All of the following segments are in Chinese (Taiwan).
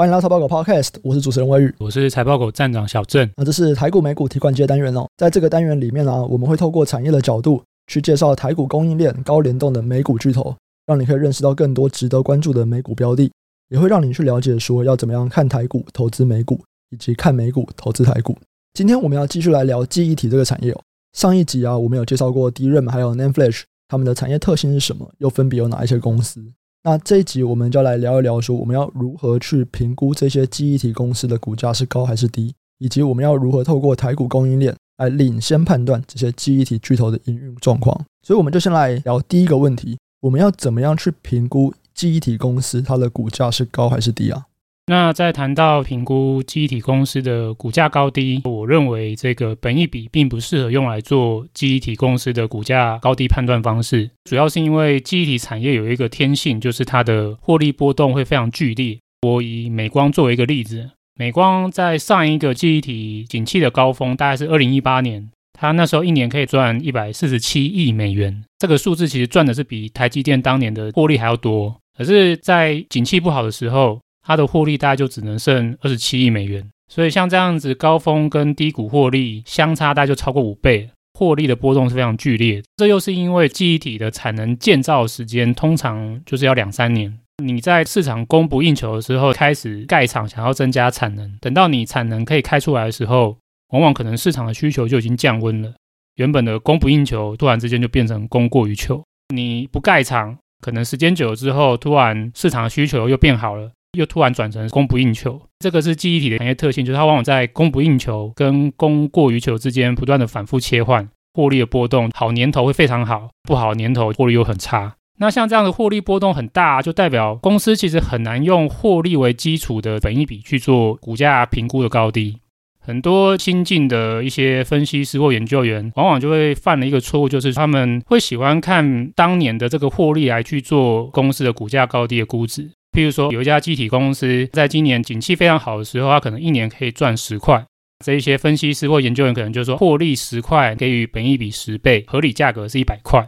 歡迎來到財報狗 Podcast，我是主持人魏宇，我是財報狗站長小鄭。那這是台股美股提款機的單元哦，在這個單元裡面呢、啊，我們會透過產業的角度去介紹台股供應鏈高聯動的美股巨頭，讓你可以認識到更多值得關注的美股標的，也會讓你去了解說要怎麼樣看台股投資美股，以及看美股投資台股。今天我們要繼續來聊記憶體這個產業哦。上一集啊，我們有介紹過 DRAM 還有 NAND Flash 它們的產業特性是什麼，又分別有哪一些公司？那這一集我們就來聊一聊，說我們要如何去評估這些記憶體公司的股價是高還是低，以及我們要如何透過台股供應鏈來領先判斷這些記憶體巨頭的營運狀況。所以我們就先來聊第一個問題，我們要怎麼樣去評估記憶體公司它的股價是高還是低啊？那在談到評估記憶體公司的股價高低，我認為這個本益比並不適合用來做記憶體公司的股價高低判斷方式，主要是因為記憶體產業有一個天性，就是它的獲利波動會非常劇烈。我以美光作為一個例子，美光在上一個記憶體景氣的高峰，大概是二零一八年，它那時候一年可以賺一百四十七億美元，這個數字其實賺的是比台積電當年的獲利還要多。可是，在景氣不好的時候，它的獲利大概就只能剩二十七億美元，所以像這樣子高峰跟低谷獲利相差大概就超過五倍，獲利的波動是非常劇烈。這又是因為記憶體的產能建造時間通常就是要兩三年，你在市場供不應求的時候開始蓋廠，想要增加產能，等到你產能可以開出來的時候，往往可能市場的需求就已經降溫了，原本的供不應求突然之間就變成供過於求。你不蓋廠，可能時間久了之後，突然市場的需求又變好了。又突然轉成供不應求，這個是記憶體的一些特性，就是它往往在供不應求跟供過於求之間不斷的反覆切換，獲利的波動，好年頭會非常好，不好年頭獲利又很差。那像這樣的獲利波動很大，就代表公司其實很難用獲利為基礎的本益比去做股價評估的高低。很多新進的一些分析師或研究員，往往就會犯了一個錯誤，就是他們會喜歡看當年的這個獲利來去做公司的股價高低的估值。譬如說，有一家記憶體公司，在今年景氣非常好的時候，它可能一年可以賺十塊。這些分析師或研究員可能就說，獲利十塊給予本益比十倍，合理價格是一百塊。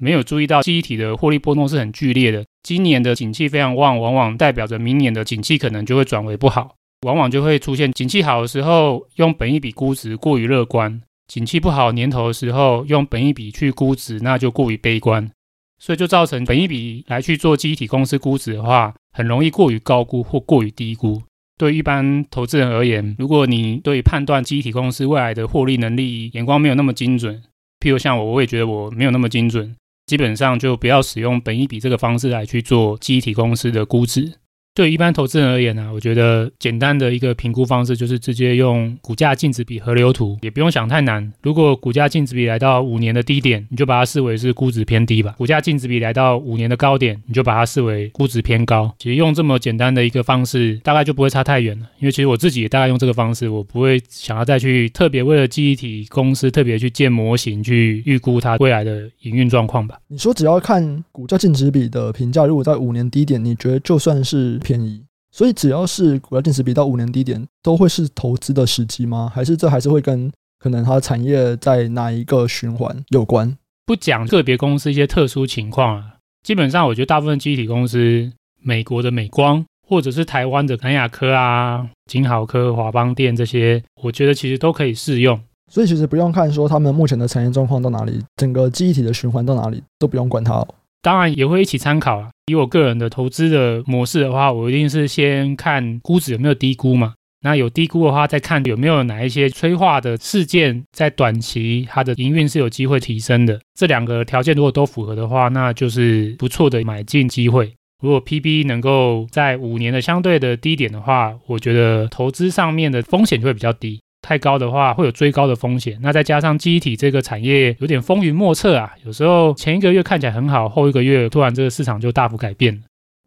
沒有注意到記憶體的獲利波動是很劇烈的。今年的景氣非常旺，往往代表着明年的景氣可能就會轉為不好，往往就會出現景氣好的時候用本益比估值過於樂觀，景氣不好年頭的時候用本益比去估值那就過於悲觀。所以就造成本益比來去做記憶體公司估值的話，很容易過於高估或過於低估。對於一般投資人而言，如果你對判斷記憶體公司未來的獲利能力眼光沒有那麼精準，譬如像我，我也覺得我沒有那麼精準，基本上就不要使用本益比這個方式來去做記憶體公司的估值。對一般投資人而言呢、啊，我覺得簡單的一個評估方式就是直接用股價淨值比河流圖，也不用想太難。如果股價淨值比來到五年的低點，你就把它視為是估值偏低吧；股價淨值比來到五年的高點，你就把它視為估值偏高。其實用這麼簡單的一個方式，大概就不會差太遠了。因為其實我自己也大概用這個方式，我不會想要再去特別為了記憶體公司特別去建模型去預估它未來的營運狀況吧。你說只要看股價淨值比的評價，如果在五年低點，你覺得就算是。便宜，所以只要是股價淨值比到五年低點，都會是投資的時機嗎？還是這還是會跟可能它的產業在哪一個循環有關？不講個別公司一些特殊情況啊，基本上我覺得大部分記憶體公司，美國的美光，或者是台灣的南亞科啊、晶豪科、華邦電這些，我覺得其實都可以適用。所以其實不用看說他們目前的產業狀況到哪裡，整個記憶體的循環到哪裡都不用管它？當然也會一起參考啊，以我個人的投資的模式的話，我一定是先看估值有沒有低估嘛。那有低估的話，再看有沒有哪一些催化的事件，在短期它的營運是有機會提升的。這兩個條件如果都符合的話，那就是不錯的買進機會。如果 PB 能夠在五年的相對的低點的話，我覺得投資上面的風險就會比較低。太高的話會有追高的風險，那再加上記憶體這個產業有點風雲莫測啊，有時候前一個月看起來很好，後一個月突然這個市場就大幅改變了。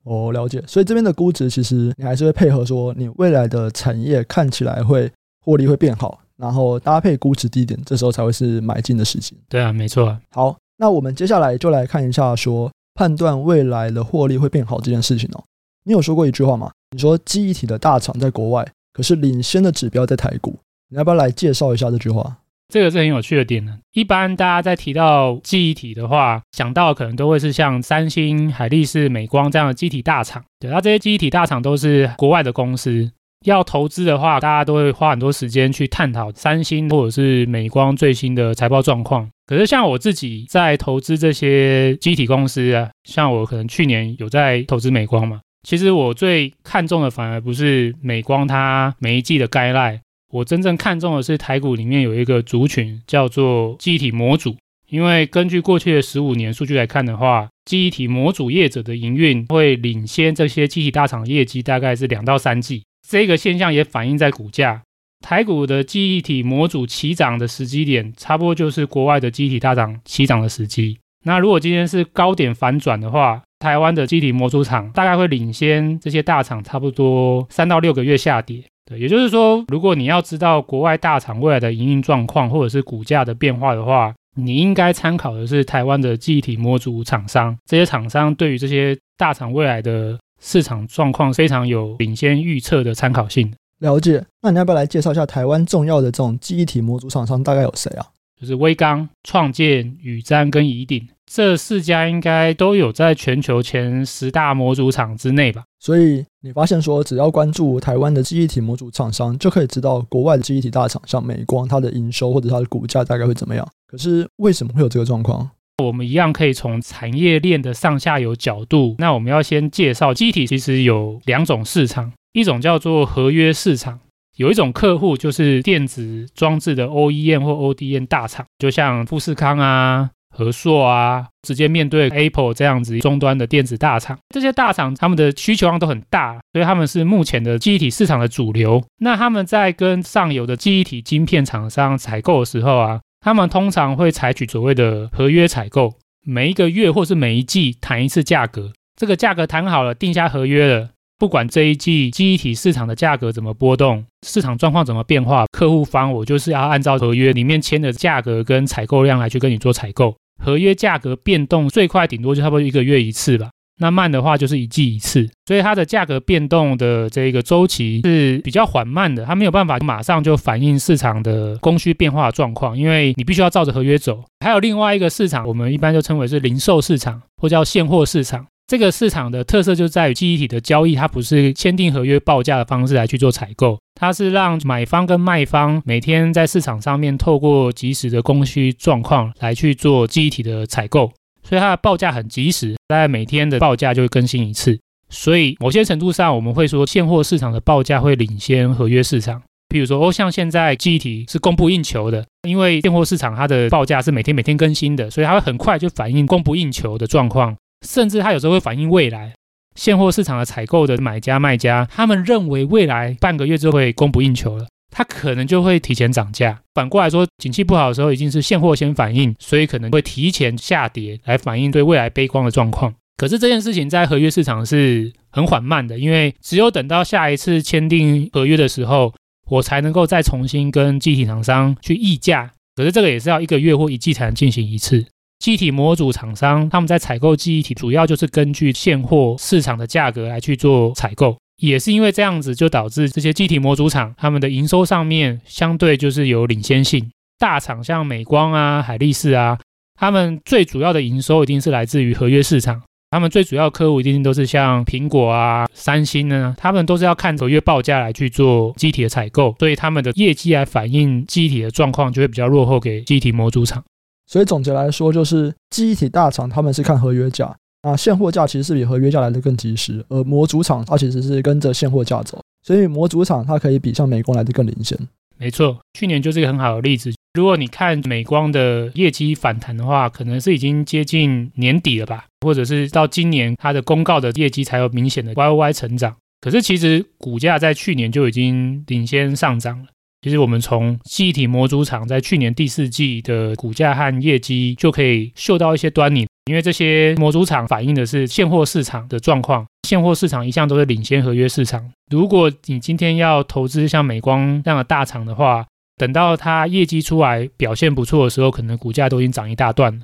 我了解，所以這邊的估值其實你還是會配合說，你未來的產業看起來會獲利會變好，然後搭配估值低點，這時候才會是買進的時機。對啊，沒錯。好，那我們接下來就來看一下說判斷未來的獲利會變好這件事情哦。你有說過一句話嗎？你說記憶體的大廠在國外，可是領先的指標在台股。你要不要來介紹一下這句話？這個是很有趣的點呢、啊。一般大家在提到記憶體的話，想到的可能都會是像三星、海力士、美光這樣的記憶體大廠。對，那、啊、這些記憶體大廠都是國外的公司。要投資的話，大家都會花很多時間去探討三星或者是美光最新的財報狀況。可是像我自己在投資這些記憶體公司啊，像我可能去年有在投資美光嘛，其實我最看重的反而不是美光它每一季的 guideline。我真正看重的是台股裡面有一個族群叫做記憶體模組，因為根據過去的十五年數據來看的話，記憶體模組業者的營運會領先這些記憶體大廠的業績大概是兩到三季。這個現象也反映在股價，台股的記憶體模組起漲的時機點，差不多就是國外的記憶體大廠起漲的時機。那如果今天是高點反轉的話，台灣的記憶體模組廠大概會領先這些大廠差不多三到六個月下跌。對，也就是說，如果你要知道國外大廠未來的營運狀況或者是股價的變化的話，你應該參考的是台灣的記憶體模組廠商。這些廠商對於這些大廠未來的市場狀況非常有領先預測的參考性。了解。那你要不要來介紹一下台灣重要的這種記憶體模組廠商大概有誰啊？就是威剛、創見、宇瞻跟宜鼎這四家，應該都有在全球前十大模組廠之內吧。所以你發現說，只要關注台灣的記憶體模組廠商，就可以知道國外的記憶體大廠像美光，它的營收或者它的股價大概會怎麼樣。可是為什麼會有這個狀況？我們一樣可以從產業鏈的上下游角度。那我們要先介紹記憶體，其實有兩種市場，一種叫做合約市場。有一種客戶就是電子裝置的 OEM 或 ODM 大廠，就像富士康啊、和碩啊，直接面對 Apple 這樣子終端的電子大廠。這些大廠他們的需求量都很大，所以他們是目前的記憶體市場的主流。那他們在跟上游的記憶體晶片廠商採購的時候啊，他們通常會採取所謂的合約採購，每一個月或是每一季談一次價格，這個價格談好了，定下合約了。不管這一季記憶體市場的價格怎麼波動，市場狀況怎麼變化，客戶方我就是要按照合約裡面簽的價格跟採購量來去跟你做採購。合約價格變動最快頂多就差不多一個月一次吧，那慢的話就是一季一次，所以它的價格變動的這個週期是比較緩慢的，它沒有辦法馬上就反映市場的供需變化的狀況，因為你必須要照着合約走。還有另外一個市場，我們一般就稱為是零售市場，或叫現貨市場。這個市場的特色就在於記憶體的交易，它不是簽訂合約報價的方式來去做採購，它是讓買方跟賣方每天在市場上面透過即時的供需狀況來去做記憶體的採購，所以它的報價很及時，大概每天的報價就會更新一次。所以某些程度上，我們會說現貨市場的報價會領先合約市場。譬如說，哦，像現在記憶體是供不應求的，因為現貨市場它的報價是每天每天更新的，所以它會很快就反映供不應求的狀況。甚至他有時候會反映未來現貨市場的採購的買家、賣家，他們認為未來半個月就會供不應求了，他可能就會提前漲價。反過來說，景氣不好的時候，已經是現貨先反應，所以可能會提前下跌來反映對未來悲觀的狀況。可是這件事情在合約市場是很緩慢的，因為只有等到下一次簽訂合約的時候，我才能夠再重新跟記憶體廠商去議價。可是這個也是要一個月或一季才能進行一次。記憶體模組廠商，他們在採購記憶體，主要就是根據現貨市場的價格來去做採購。也是因為這樣子，就導致這些記憶體模組廠他們的營收上面相對就是有領先性。大廠像美光啊、海力士啊，他們最主要的營收一定是來自於合約市場，他們最主要的客戶一定都是像蘋果啊、三星啊，他們都是要看合約報價來去做記憶體的採購，所以他們的業績來反映記憶體的狀況就會比較落後給記憶體模組廠。所以總結來說，就是記憶體大廠他們是看合約價，那現貨價其實是比合約價來得更及時。而模組廠它其實是跟着現貨價走，所以模組廠它可以比像美光來得更領先。沒錯，去年就是一個很好的例子。如果你看美光的業績反彈的話，可能是已經接近年底了吧，或者是到今年它的公告的業績才有明顯的 Y Y 成長。可是其實股價在去年就已經領先上漲了。其實我們從記憶體模組廠在去年第四季的股價和業績就可以嗅到一些端倪，因為這些模組廠反映的是現貨市場的狀況，現貨市場一向都是領先合約市場。如果你今天要投資像美光這樣的大廠的話，等到它業績出來表現不錯的時候，可能股價都已經漲一大段了。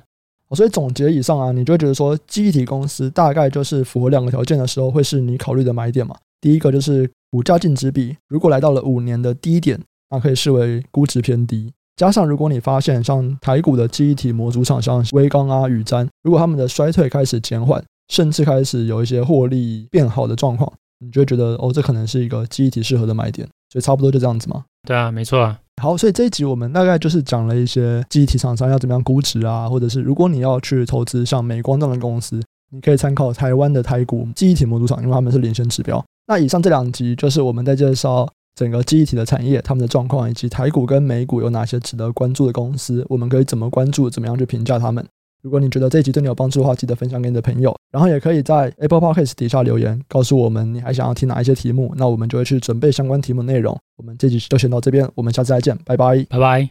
哦，所以總結以上啊，你就會覺得說記憶體公司大概就是符合兩個條件的時候，會是你考慮的買點嘛？第一個就是股價淨值比，如果來到了五年的低點，那可以視為估值偏低，加上如果你發現像台股的記憶體模組廠商像威剛啊、宇瞻，如果他們的衰退開始減緩，甚至開始有一些獲利變好的狀況，你就會覺得哦，這可能是一個記憶體適合的買點。所以差不多就這樣子嘛。對啊，沒錯啊。好，所以這一集我們大概就是講了一些記憶體廠商要怎麼樣估值啊，或者是如果你要去投資像美光這樣的公司，你可以參考台灣的台股記憶體模組廠，因為他們是領先指標。那以上這兩集就是我們在介紹。整個記憶體的產業，他們的狀況，以及台股跟美股有哪些值得關注的公司？我們可以怎麼關注？怎麼樣去評價他們？如果你覺得這一集對你有幫助的話，記得分享給你的朋友。然後也可以在 Apple Podcast 底下留言，告訴我們你還想要聽哪一些題目。那我們就會去準備相關題目內容。我們這集就先到這邊，我們下次再見，拜拜，拜拜。